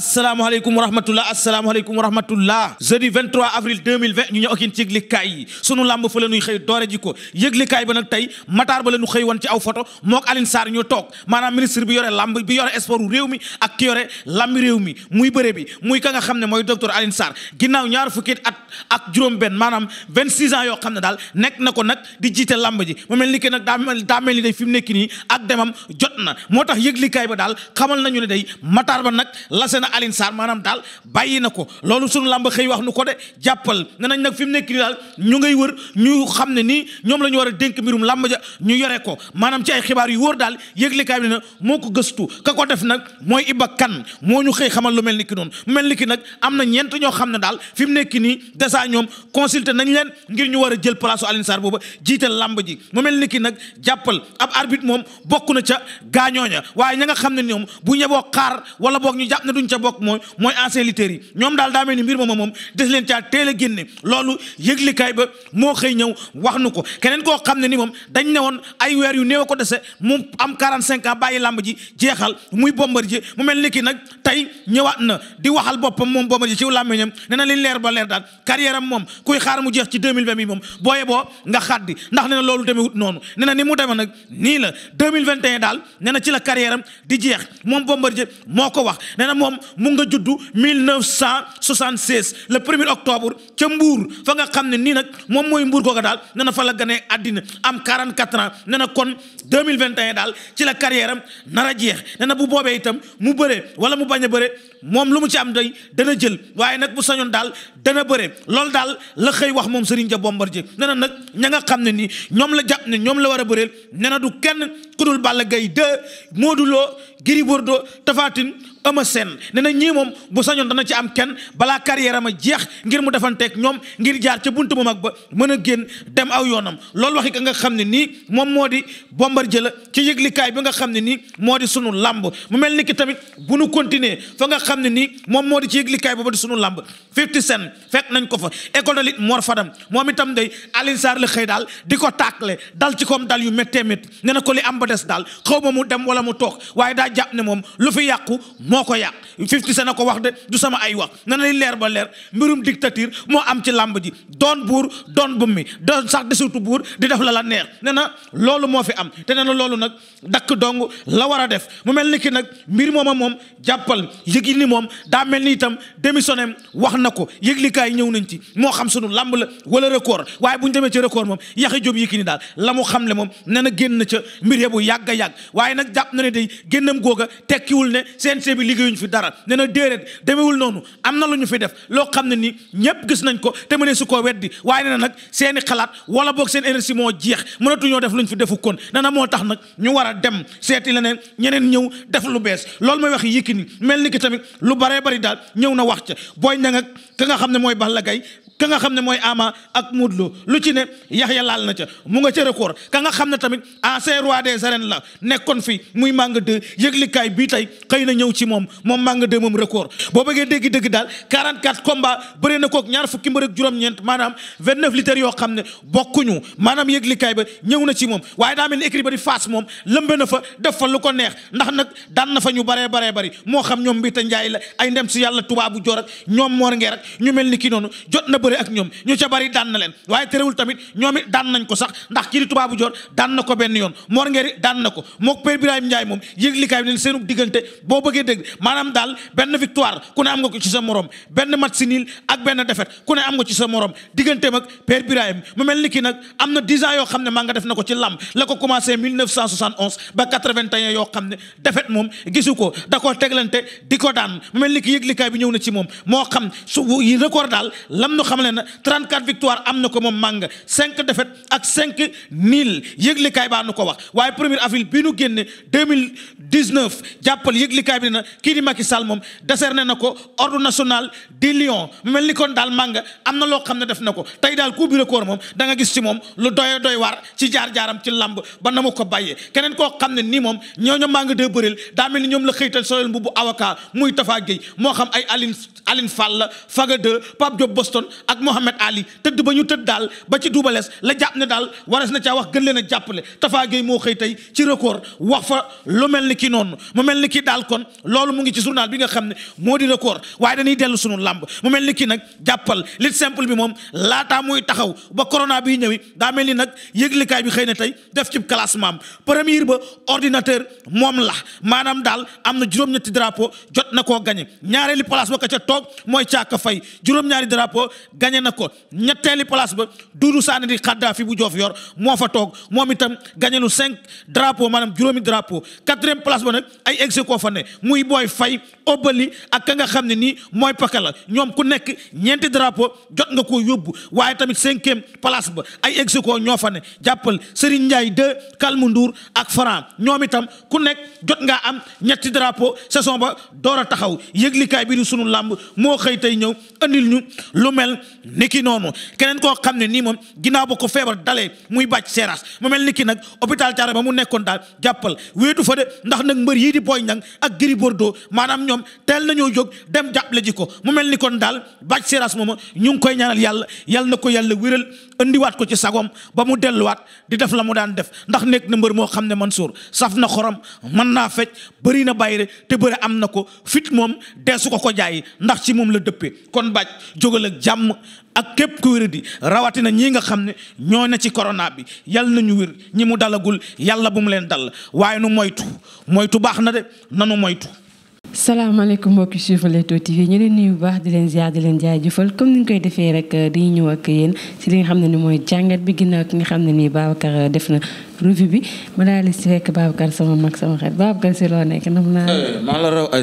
asalaamaaleykum wa rahmatullah asalaamaaleykum wa rahmatullah jeudi 23 avril 2020 ñu ñëw ak yéen ci yëglikaay yi sunu làmb fa la ñuy xëy doore ji ko yëglikaay ba nag tey mataar ba la ñu xëy woon ci aw foto mook Alioune Sarr ñoo toog maanaam ministre bi yore làmb bi yore sport réew mi ak ki yore làmb réew mi muy bëre bi muy ka nga xam ne mooy docteur Alioune Sarr ginnaaw ñaar fukki at ak juróom benn maanaam 26 ans yoo xam ne daal nekk na nag di jiite làmb ji mu mel ni que nag daa mel ni day fi mu nekk nii ak demam jot na moo tax yëglikaay ba daal xamal nañu ne day mataar ba nag lase na Alioune Sarr maanaam daal bàyyi na ko loolu sunu làmb xëy wax nu ko de jàppal na nañ nag fi mu nekk nii daal ñu ngay wër ñu xam ne nii ñoom la ñu war a dénk mbirum làmb ja ñu yore ko maanaam ci ay xibaar yu wóor daal yëglekaay bi ne moo ko gëstu ka ko def nag mooy Iba kan moo ñu xëy xamal lu mel ni ki noonu mel ni ki nag am na ñeent ñoo xam ne daal fi mu nekk nii dèjà ñoom consulté nañ leen ngir ñu war a jël place Alioune Sarr booba jiital làmb ji moo mel ni ki nag jàppal ab arbitre moom bokk na ca gaañooña waaye ña nga xam ne ñoom bu ñeboo wala boog ñu jàpp bokk mooy mooy ancien lutteurs yi ñoom daal daa mel ni mbir moom moom des leen caa teel a génne loolu yëglikaay ba moo xëy ñëw wax nu ko keneen koo xam ne ni moom dañ ne woon ay weer yu néew ko dese mu am 45 ans bàyyi làmb ji jeexal muy Bombardier mu mel ni ki nag tey ñëwaat na di waxal boppam moom Bombardier ci làmmiñam nee na li leer ba leer daal carrière am moom kuy xaar mu jeex ci 2020 bi moom booye boo nga xaddi ndax nee na loolu demee wut noonu nee na ni mu demee nag nii la 2021 daal nee na ci la carrière am di jeex mu nga juddu 1976 le premier octobre ca Mbour fa nga xam ne nii nag moom mooy Mbour kooka daal nee na fa la ganee àddina am 44 ans nee na kon 2021 daal ci la carrière am nar a jeex nee na bu boobee itam mu bëree wala mu bañ a bëre moom lu mu ci am day dana jël waaye nag bu sañoon daal dana bëre loolu daal la xëy wax moom Serigne Dia Bombardier nee na nag ña nga xam ne nii ñoom la jàpp ne ñoom la war a bëreel nee na du kenn ku dul Balla Gaye 2 Modou Lo Gris Bordeaux Tapha Tine Eumeu Sène nee na ñii moom bu sañoon dana ci am kenn balaa carrière ma jeex ngir mu defanteeg ñoom ngir jaar ca bunt bu mag ba mën a génn dem aw yoonam loolu waxi ka nga xam ne nii moom moo di Bombardier la ci yëglikaay bi nga xam ne nii moo di sunu làmb mu mel ni ki tamit bu nu continuer fa nga xam ne nii moom moo di ci yëglikaay booba di sunu làmb Fifty Cent fekk nañ ko fa école de lutte Mor moom itam day Alioune Sarr la xëy daal di ko tàkkale dal ci koom dal yu méttee métti nee na ko li am ba des daal xaw ma mu dem wala mu toog waaye daa jàpp ne moom lu fi yàqu moo ko yàq Fifty Cent na ko wax de du sama ay wax na na leer ba leer mbirum dictature moo am ci làmb ji doon buur doon bu mi doon sax desutu buur di def la la neex ne na loolu moo fi am te ne loolu nag dakk dong la war a def mu mel ni ki nag mbir moom mooma moom jàppal yëg ni moom daa mel ni itam démissionné wax na ko yëglikaay ñëw nañ ci moo xam sunu làmb la wala record waaye bu ñu demee ci record moom yaxi jom yi ni daal la mu xam le moom ne na génn ca mbir bu yàgg a yàgg waaye nag jàpp na ne day génnam googa tekkiwul ne bi liggéeyuñ fi dara nee na déedéet demewul noonu am na lu ñu fi def loo xam ne nii ñépp gis nañ ko te mu ne su koo weddi waaye nee na nag seeni xalaat wala boog seen énergie moo jeex mënatuñoo def lu ñu fi defu kon nee na moo tax nag ñu war a dem seeti leneen ñeneen ñëw def lu bees loolu mooy wax Yékini mel ni ki tamit lu baree bari daal ñëw na wax ca booy ña nga ka nga xam ne mooy Balla Gaye ka nga xam ne mooy Ama ak Modou Lo lu ci ne Yaxya laal na ca mu nga ca record ka nga xam ne tamit ancien roi des arènes la nekkoon fi muy Manga 2 yëglikaay bii tey xëy na ñëw ci moom moom Manga 2 moom record boo bëggee dégg dëgg daal 44 combats bëri na kook ñaar fukki mbër ak juróom-ñeent maanaam 29 litres yoo xam ne bokkuñu maanaam yëglikaay ba ñëw na ci moom waaye daa mel ni écrit ba di faas moom lëmbe na fa def fa lu ko neex ndax nag daan na fa ñu baree baree bari moo xam ñoom bi ta njaay la ay ndem si yàlla tubaabu joor ak ñoom moor ngeer ak ñu mel ni bëre ak ñoom ñu ca bari daan na leen waaye terewul tamit ñoom daan nañ ko sax ndax kii di joor daan na ko benn yoon Mor daan na ko mook Père Birahim Ndiaye moom yëg likaay bi boo bëggee dégg maanaam am nga ko ci sa morom benn match si niil benn défaite ku ne am nga ci sa morom digganteem ak Père Birahim mu mel ni ki nag am na 10 ans yoo xam ne maa nga def na ko ci làmb la ko commencé 1971 ba 81 yoo xam ne défaite moom ko da koo teglante di ko daan mu mel ni ki yëg likaay bi ñëw na ci moom moo xam su record daal lam nu xam xam leen ne victoire am na ko moom Manga 5 défaite ak 5 nil yëglikaay baa nu ko wax waaye premier avril bi nu génne 2019 jàppal yëglikaay bi ne na kii di Macky Sall moom décerné na ko ordre national du lion mel ni kon daal màng am na loo xam ne def na ko tey daal coup bi record moom da nga gis ci moom lu doy doy waar ci jaar-jaaram ci lamb ba na ma ko bàyyee keneen koo xam ne nii moom ñooñu màng de bëril daa mel ni ñoom la xëytal solel mbubu avocat muy Tafa moo xam ay Aline Aline la Faga 2 Pape Diop Boston ak Mohamed Ali tëdd ba ñu tëdd daal ba ci duubalees la jàpp ne daal waras na caa wax gën leen a jàppale Tafa Gueye moo xëy tey ci record wax fa lu mel ni kii noonu mu mel ni kii daal kon loolu mu ngi ci journal bi nga xam ne moo di record waaye dañuy dellu sunu làmb mu mel ni kii nag jàppal lit simple bi moom laataa muy taxaw ba corona bi ñëwi daa mel ni nag yëglikaay bi xëy na tey def ci classement premier ba ordinateur moom la maanaam daal am na juróom-ñetti jot na koo gagné ñaareeli place ca toog mooy caaka fay juróom-ñaari drapeau gañe na ko ñetteeli place ba Doudou Sané di Kadhafi bu Joof yor moo fa toog moom itam gañe nu cinq drapeau maanaam juróomi drapeau quatrième place ba nag ay ex ko fa ne muy booy fay obali ak ka nga xam ne nii mooy paka la ñoom ku nekk ñeenti drapeau jot nga koo yóbbu waaye tamit cinquième place ba ay ex aequo ñoo fa ne jàppal Serigne Ndiaye deux Kalmu Ndour ak Faran ñoom itam ku nekk jot nga am ñetti drapeau saison ba door a taxaw yëglikaay bi di sunu làmb moo xëy tey ñëw niki noonu keneen koo xam ne nii moom ginnaaw ba ko feebar dalee muy bàcc seeraas mu mel ni ki nag hôpital Thiaré ba mu nekkoon daal jàppal wéetu fa de ndax nag mbër yii di Boy Niang ak Gris Bordeaux maanaam ñoom teel nañoo jóg dem jàppale ji ko mu mel ni kon daal bàcc seeraas mooma ñu ngi koy ñaanal yàlla yàlla na ko yàlla wéral indiwaat ko ci sagoom ba mu delluwaat di def la mu daan def ndax nekk na mbër moo xam ne man Mansour saf na xorom mën naa fecc bëri na bàyyi te bëri am na ko fit moom deesu ko ko jaay ndax ci moom la dëppee kon bàcc jógal ak ak képp ku di rawatina ñii nga xam ne ñoo na ci corona bi yal nañu wér ñi mu dalagul yàlla bu mu leen dal waaye nu moytu moytu baax na de nanu moytu salaamaaleykum mbokki suivre Leewtoo TV ñu leen nuyu bu baax di leen ziar di leen comme ni ñu koy defee euh, ñëw ak yéen si li nga xam ne ni mooy jàngat bi ginnaaw ki nga xam ne nii Babacar euh, def na revue bi ma daal di si fekk sama mag sama xarit Babacar si loo nekk nam naa. Euh, maa la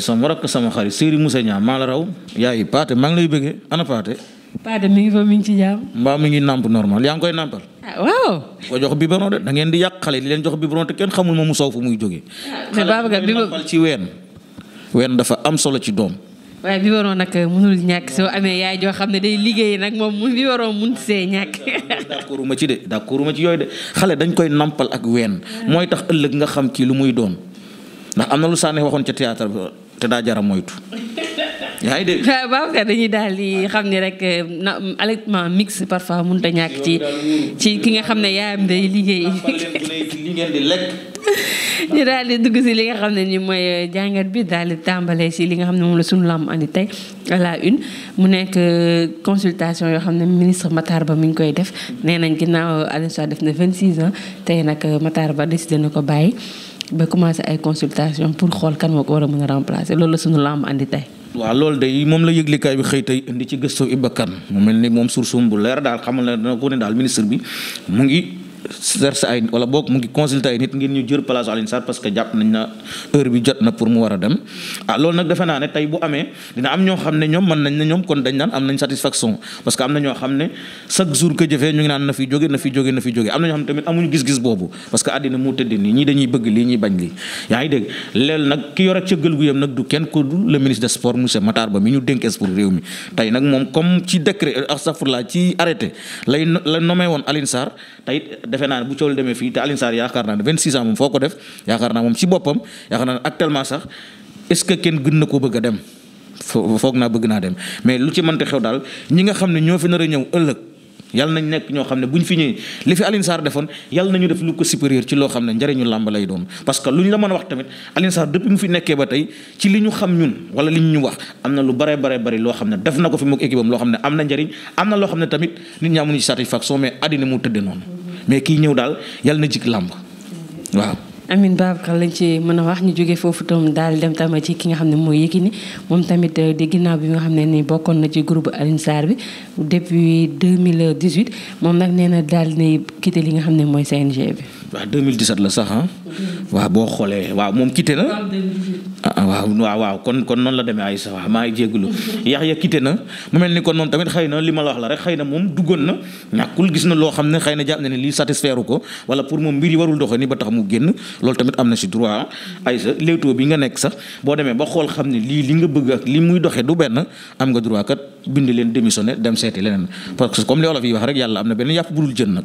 sama rakk sama xarit Serigne Moussa Niang la raw. yaay Paate maa lay bëggee ana mi ngi fa mi ngi ci jàmm. mbaa mi ngi nàmp normal yaa ngi koy nàmpal. Ah, waaw. ko jox biberon de da ngeen di yàq xale di leen jox biberon te kenn xamul moom mu sow fu muy jógee. Ah, mais Babacar bi ci ween wenn dafa am solo ci doom. waaye bi waroon nag mënul ñàkk soo amee yaay joo xam ne day liggéey nag moom bi waroon mun see ñàkk. d'accord ma ci de d'accord ma ci yooyu de xale dañ koy nampal ak wenn mooy tax ëllëg nga xam kii lu muy doom ndax am na lu Sané waxoon ca théâtre te daa jara moytu. yaa ngi dégg waaw dañuy daal di xam ni rek eh, na allaitement mixte parfois mun a ñàkk ci ci ki nga xam ne yaayam day liggéey. li ñu daal di dugg si li nga xam ne ni mooy eh, jàngat bi daal di tàmbalee si li nga xam ne moom la suñu lamb andi tey à une mu nekk eh, consultation yoo xam ne ministre Matar Ba mi ngi koy def nee nañ ginnaaw Alioune Sarr def na 26 ans tey nag Matar Ba décidé na ko bàyyi ba commencé ay consultation pour xool kan moo ko war a mën a remplacer loolu la suñu lamb andi tey. waaw loolu day moom la yëglikaay bi xëy tey indi ci gëstu Iba Kane mu mel ni moom sursum bu leer daal xamal ne dana ko ne daal ministre bi mu ngi serse ay wala boog mu ngi consulter ay nit ngir ñu jër place Alioune parce que jàpp nañ na heure bi jot na pour mu war a dem ah loolu nag defe naa ne tey bu amee dina am ñoo xam ne ñoom mën nañ ne ñoom kon dañ naan am nañ gis-gis boobu parce que àddina moo tëdd nii ñii dañuy bëgg lii ñuy bañ lii yaa ngi dégg leel nag ki yore cëggal gu yam nag du kenn ko du le ministre des sports monsieur Ba mi ñu dénk sport réew mi tey nag moom comme ci décret defe naa ne bu coow demee fii te Alioune Sarr yaakaar naa ne 26 ans moom foo ko def yaakaar naa moom ci boppam yaakaar naa ne actuellement sax est-ce que kenn gën na koo bëgg dem foog naa bëgg naa dem mais lu ci mënte xew daal ñi nga xam ne ñoo fi nar a ñëw ëllëg yàlla nañ nekk ñoo xam ne bu ñu fi ñëwee li fi Alioune Sarr defoon yàlla nañu def lu ko supérieur ci loo xam ne njariñu làmb lay parce que lu ñu la mën wax tamit Alioune Sarr depuis mu fi nekkee ba tey ci li ñu xam ñun wala li ñu wax am na lu bare bare bari loo xam ne def na ko fi mook équipe am loo xam ne am na am na loo xam ne tamit nit ñi amuñu ci satisfaction mais àddina mu tëdde noonu mais kii ñëw daal yàlla na jig làmb waaw. Amin Babacar lañ ci mën a wax ñu jóge foofu tam daal dem tamit ci ki nga xam ne mooy ni moom tamit euh, di ginnaaw bi nga xam ne ni bokkoon na ci groupe Alioune bi depuis mille 2018 moom nag nee na daal di quitté li nga xam ne mooy CNG bi. mille waaw 2017 la sax ah. waaw boo xoolee waaw moom quitté na. Ah, waaw waaw ah, waaw kon kon noonu la demee ay sa waaw maa ngi yax ya quitté na mu mel ni kon moom tamit xëy na li ma la wax la rek xëy na moom duggoon na ñàkkul gis na loo xam ne xëy na jàpp ne lii satisfaire ko wala pour moom mbir yi warul doxee ni ba tax mu génn loolu tamit am na si droit ay sa bi nga nekk sax boo demee ba xool xam ne lii li nga bëgg ak li muy doxee du benn am nga droit kat bind leen démissionné dem seeti leneen parce que comme li olof yi wax rek yàlla am na benn yàpp budul jën nag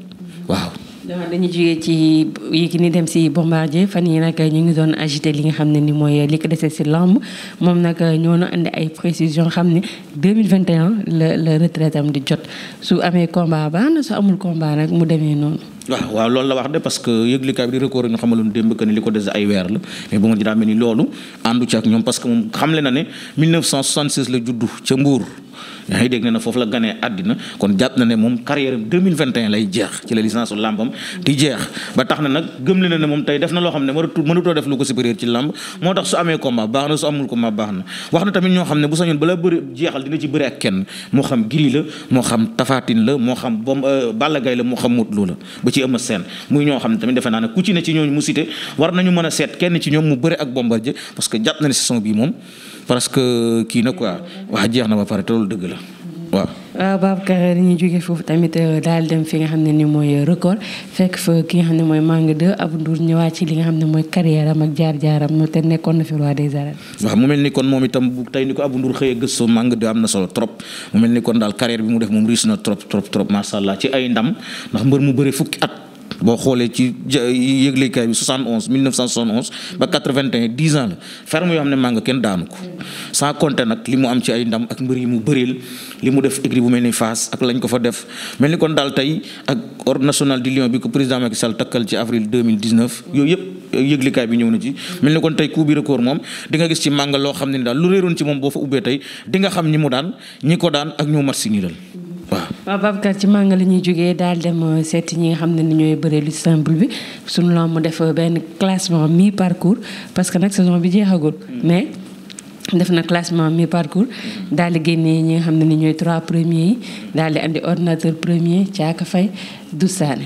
waaw dañu jógee ci Yékini dem si Bombardier fan yi nag ñu ngi doon agité li nga xam ne ni mooy li ko dese si lamb moom nag ñoo na andi ay précision xam ne 2021 la la retraite am di jot su amee combat baax na su amul combat nag mu demee noonu. waaw waaw loolu la wax de parce que yëglikaay bi di record ñu xamaloon démb que ni li ko dese ay weer la mais ba nga ji daa mel ni loolu àndu ci ak ñoom parce que moom xamle na ne la juddu ca yaa ngi dégg ne na foofu la gane àddina kon jàpp na ne moom carrière am 2021 lay jeex ci la licence u làmbam di jeex ba tax na nag gëm li na ne moom tey def na loo xam ne mënatu mënatoo def lu ko supérieur ci làmb moo tax amee combat baax na su amul combat baax na wax na tamit ne bu sañoon bala bëri jeexal dina ci bëri ak kenn moo xam moo xam Tapha la moo xam bom euh, Balla Gaye la moo xam Modou Lô la ba ci Eumeu Sène muy ñoo xam ne tamit ne ku ci ne ci mu cité war nañu mën a seet kenn ci ñoom mu bëri ak Bombardier parce que jàpp na ne saison bii moom parce que kii na quoi wax jeex na ba pare te loolu dëgg la waaw. waaw euh, Babacar dañuy jógee foofu tamit euh, daal dem fi nga xam ne ni mooy euh, record fekk fa ki nga xam ne mooy Manga 2 Abou Ndour ñëwaat ci li nga xam ne mooy carrière am ak jaar-jaaram te nekkoon na fi roi des arènes. waaw mu mel ni kon moom itam bu tey ni ko Abou Ndour xëyee gëstoo Manga 2 am na solo trop mu mel ni kon daal carrière bi mu def moom riis na trop trop trop macha allah ci ay ndam ndax boo xoolee ci yëglekaay bi 71 1971 ba 81 10 ans la ferme yoo xam ne Manga kenn daanu ko sans compter nag li mu am ci ay ndam ak mbër yi mu bëreel li mu def écrit bu mel ni Fass ak lañ ko fa def mel ni kon daal tey ak ordre national du lion bi ko président Macky Sall takkal ci avril 2019 yooyu yëpp yëglikaay bi ñëw na ci mel ni kon tey ku bi record moom di nga gis ci màng loo xam ne ni daal lu réeroon ci moom boo fa ubbee tey di xam ñi mu daan ñi ko daan ak ñoo mat si ñi dal waaw Babacar ci mànga la ñuy jógee daal dem euh, seeti ñi nga xam ne ni ñooy bëre lu simple bi suñu lamb def euh, benn classement mi parcours parce que nag saison bi jeexagul mm. mais def na classement mi parcours mm. daal di génnee ñi nga xam ne ni ñooy trois premiers yi daal di andi ordinateur premier fay Faye Doussane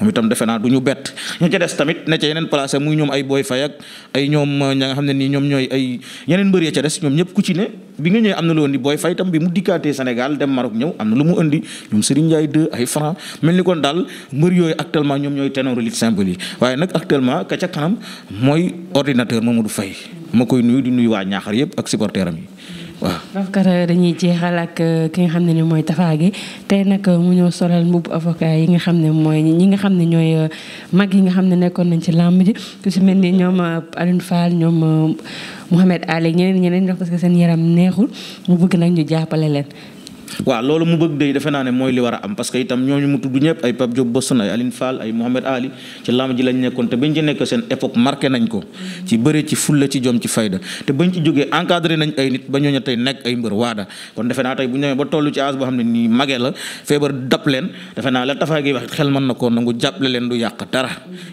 moom itam defe naa du ñu bett ña ca des tamit ne ca yeneen place muy ñoom ay booy Faye ak ay ñoom euh, ña nga xam ne nii ñoom ñooy ay yeneen mbër ya ca des ñoom ñëpp ku ci ne bi nga ñëwee am na loo indi Boy Faye bi mu dikkaatee Sénégal dem Maroc ñëw am lu mu indi ñoom Serigne Ndiaye 2 ay franc mel ni kon daal mbër yooyu actuellement ñoom ñooy ténor lutte simple yi waaye nag actuellement ka ca kanam mooy ordinateur du Faye ma koy nuyu di nuyu waa Ñaaxar yëpp ak supporteram yi waaw donc dañuy jeexal ak euh, ki nga xam ne ni mooy Tapha gi tey nag euh, mu ñëw solal mbubb avocat yi nga xam ne mooy ñi nga xam ne ñooy euh, mag yi nga xam ne nekkoon nañ ci làmb ji ku si mel ni ñoom Alioune Fall ñoom Mouhamed Ali ñeneen ñeneen parce que seen yaram neexul mu bëgg nag ñu jàppale leen. waaw loolu mu bëgg day defe naa ne mooy li war a am parce que itam ñooñu mu tudd ñëpp ay Pape Diop Bosson ay Aline Fall ay Mohamed Ali ci lamb ji nekk ko ci bëre ci fulla ci jom ci kon defe naa tey bu ñu ba toll ci âge boo xam ne nii mage la feebar dab leen defe naa la tafaagi wax xel mën na ko nangu jàppale leen du yàq dara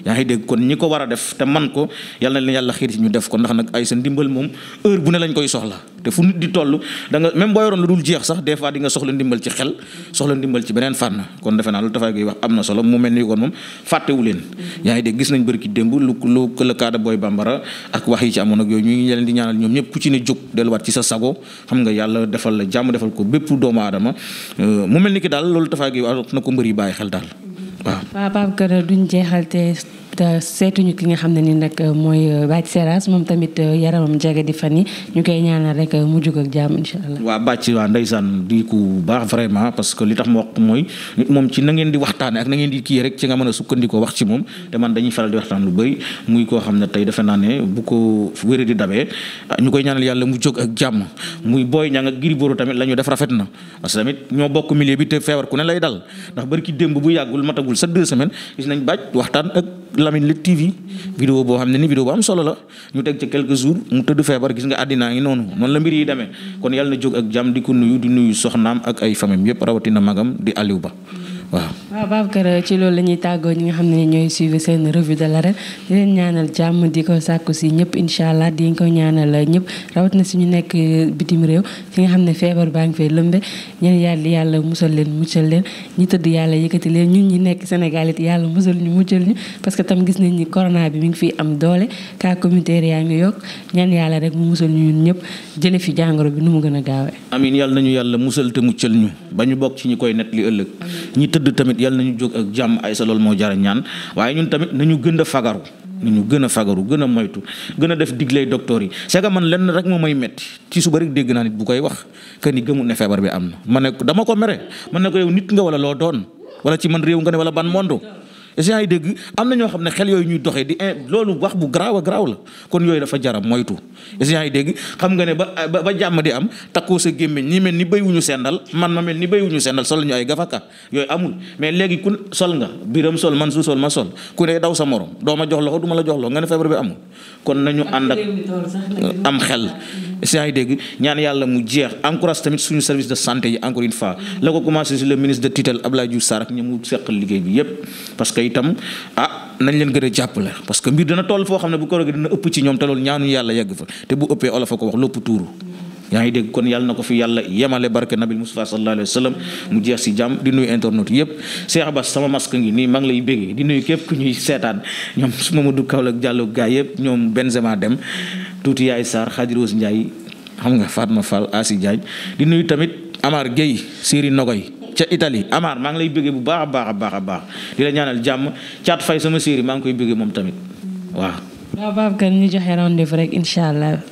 yaa ngi dégg kon ñi ko war def te man ko yàlla na leen yàlla xiir ci ñu def ko ndax nag ay sa ndimbal moom heure bu ne lañ koy soxla te fu nit di toll da nga même boo yoroon lu dul jeex sax des fois soxla ndimbal ci xel soxla ndimbal ci beneen fànn kon defe naa lu Tafa Gueye wax am na solo mu mel ni kon moom fàttewu leen yaa ngi dégg gis nañ bëri ki démb lu lu le cas de Boy Bambara ak wax yi ci amoon ak yooyu ñu ngi leen di ñaanal ñoom ñëpp ku ci ne jóg delluwaat ci sa sago xam nga yàlla defal la jàmm defal ko bépp doomu aadama euh, mu mel ni ki daal loolu Tafa Gueye wax na ko mbër bàyyi xel daal waaw te seetuñu ki nga xam ne ni nag mooy euh, Bathie Seras moom tamit euh, yaramam jege di fan yi ñu koy ñaanal rek euh, mu jug ak jàmm waa Bathie waa ndeysaan di baax vraiment parce que li tax ma wax mooy moom ci na ngeen di waxtaane ak na ngeen di kii rek ci nga mën a sukkandikoo wax ci moom te man dañuy faral di waxtaan lu bëri muy koo xam ne tey defe naa ne bu ko wéree dabee ñu koy ñaanal yàlla mu jóg ak jàmm muy booy ña nga Gris tamit la ñu def rafet na parce que tamit ñoo bokk milieu bi te feebar ku ne lay dal ndax bari ki démb bu yàggul matagul Lamine Lutte TV vidéo boo xam ne ni vidéo bu am solo la ñu teg ci quelques jours mu tëdd feebar gis nga àddinaa ngi noonu noonu la mbir yi demee kon yàlla na jóg ak jàmm di ko nuyu di nuyu soxnaam ak ay famem yëpp rawatina magam di Aliou Ba waaw. waaw Babacar ci loolu la ñuy tàggoo ñi nga xam ne ñooy suivre seen revue de l'arène di leen ñaanal jàmm di ko sàkku si ñëpp incha allah di ko ñaanal ñëpp rawat na ñu nekk eh, bitim réew fi nga xam ne feebar baa ngi fay lëmbe ñeen yàlla yàlla musal leen muccal leen ñi tëdd yàlla yëkkati ñun ñi nekk Sénégal it yàlla musal ñu muccal ñu parce que tam gis nañ ni corona bi mu ngi fi am doole cas communautaire yaa ngi yokk ñaan yàlla rek mu musal ñu ñun ñëpp jële fi jàngoro bi nu mu gën a gaawee. amiin yàlla nañu yàlla musal te muccal ñu ba ñu bokk ci ñi koy net li ëllëg tëdd tamit yàlla ñu jóg ak jàmm ay sa loolu moo jara ñaan waaye ñun tamit na ñu gën a fagaru nu ñu gën a fagaru gën a moytu gën a def diglay docteur yi c'est man lenn rek moo may metti ci suba rek dégg naa nit bu koy wax que ni gëmul ne feebar bi am na ma ne dama ko mere man ne ko yow nit nga wala loo doon wala ci man réew nga ne wala ban monde gens yi dégg am na ñoo xam ne xel yooyu ñuy doxee di loolu wax bu garaaw a la kon yooyu dafa jaram moytu gens yi dégg xam nga ne ba ba jàmm di am takkoo sa gémmiñ ñi mel ni béy wuñu sendal man ma mel ni béy wuñu sol ñu ay gafaka yooyu amul mais léegi ku sol nga biram sol man su sol ma sol ku ne daw sa morom doo ma jox loxo du ma la jox loxo nga ne feebar bi amul kon nañu ànd ak am xel si yaa ngi dégg ñaan yàlla mu jeex encourage tamit suñu service de santé yi encore une fois la ko commencé si le ministre de tutelle Abdoulaye Diouf Sarr ak ñi mu seqal liggéey bi yépp parce que itam ah nañ leen gën a jàppale parce que mbir dana toll foo xam ne bu ko dina ëpp ci ñoom te loolu ñaanu yàlla yegg fa te bu ëppee olof a ko wax lépp tuuru. yaa ngi dégg kon yàlla na ko fi yàlla yemale barke nabil Mustafa sallallahu alayhi wa sallam si jàmm di nuyu internet yëpp Cheikh Abass sama masque ngi nii maa ngi lay béggee di nuyu képp ku ñuy seetaan ñoom Mamadou Kaolack Diallo gaa yëpp ñoom Benzema dem tuuti yaay Sarr Khady Rose Ndiaye xam nga Fatma Fall Asi Diagne di nuyu tamit Amar Gueye Siri Nogoy ca Italie Amar maa ngi lay bëggee bu baax a baax a baax a baax di la ñaanal jàmm caat fay sama Siri maa ngi koy bëggee moom tamit waaw. waaw Babacar ñu joxe rendez-vous rek incha allah.